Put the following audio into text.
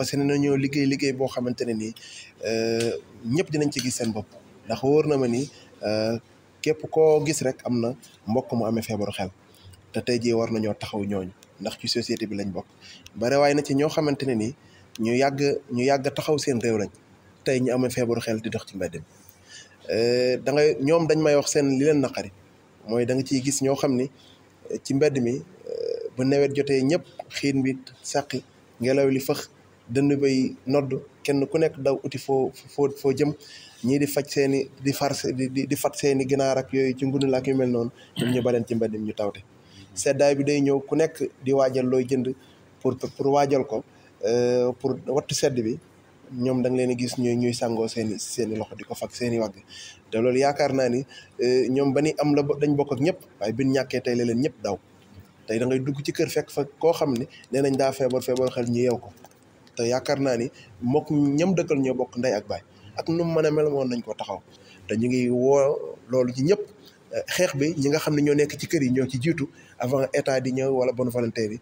fas yéene nañoo liggéey liggéey boo xamante ne nii euh, ñëpp dinañ ci gis seen bopp ndax wóor na ma ni euh, képp koo gis rek am na mbokk mu amee feebaru xel te tey jii war nañoo taxaw ñooñu ndax ci société bi lañ bokk bare waaye na ci ñoo xamante ne nii ñu yàgg ñu yàgg taxaw seen réew lañ tey ñu amee feebaru xel di dox ci mbedd mi euh, da ñoom dañ may wax seen li leen naqari mooy da nga ciy gis ñoo xam ni ci mbedd mi bu nawet jotee ñëpp xiin bi sàqi ngelaw li fëx dënd bay nodd kenn ku nekk daw uti foo foo foo jëm ñii di faj seen i di far di di fat seeni i yooyu ci ngund laak yu mel noonu ñoom ñu baleen ci mbedim ñu tawte seddaay bi day ñëw ku nekk di waajal looy jënd pour pour waajal ko euh, pour wattu sedd bi ñoom da nga leen gis ñuy ñuy sangoo seen i loxo di ko fag seen i te loolu yaakaar naa ni euh, ñoom ba ni am la dañ bokk ak ñëpp waaye bin ñàkkee tey la leen ñëpp daw te dangay ngay dugg ci kër fekk fa koo xam ne nee daa feebar feebar xel ñu yeew ko te yaakaar naa ni mook ñam dëkkal ñoo bokk ndey ak baay ak nu mu mën a mel woon nañ ko taxaw dañu ngi woo loolu ci ñëpp xeex bi ñi nga xam ne ñoo nekk ci kër yi ñoo ci jiitu avant état di ñëw wala bon volonté bi